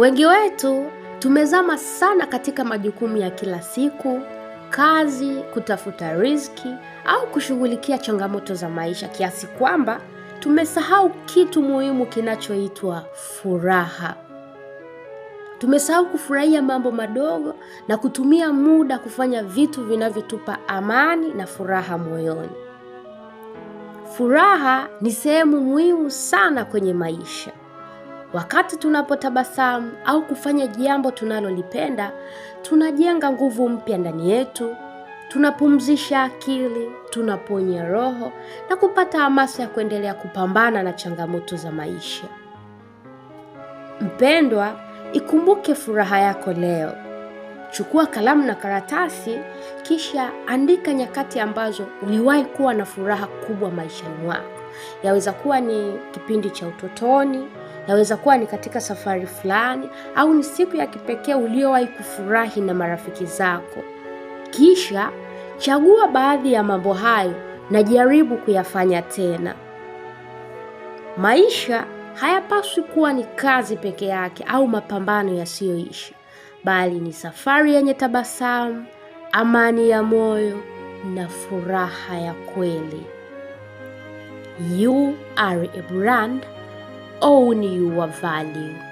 Wengi wetu tumezama sana katika majukumu ya kila siku, kazi, kutafuta riziki au kushughulikia changamoto za maisha kiasi kwamba tumesahau kitu muhimu kinachoitwa furaha. Tumesahau kufurahia mambo madogo na kutumia muda kufanya vitu vinavyotupa amani na furaha moyoni. Furaha ni sehemu muhimu sana kwenye maisha. Wakati tunapotabasamu au kufanya jambo tunalolipenda, tunajenga nguvu mpya ndani yetu, tunapumzisha akili, tunaponya roho na kupata hamasa ya kuendelea kupambana na changamoto za maisha. Mpendwa, ikumbuke furaha yako leo. Chukua kalamu na karatasi, kisha andika nyakati ambazo uliwahi kuwa na furaha kubwa maishani mwako. Yaweza kuwa ni kipindi cha utotoni, Yaweza kuwa ni katika safari fulani au ni siku ya kipekee uliowahi kufurahi na marafiki zako. Kisha chagua baadhi ya mambo hayo na jaribu kuyafanya tena. Maisha hayapaswi kuwa ni kazi peke yake au mapambano yasiyoisha, bali ni safari yenye tabasamu, amani ya moyo na furaha ya kweli. You are a brand. own your value.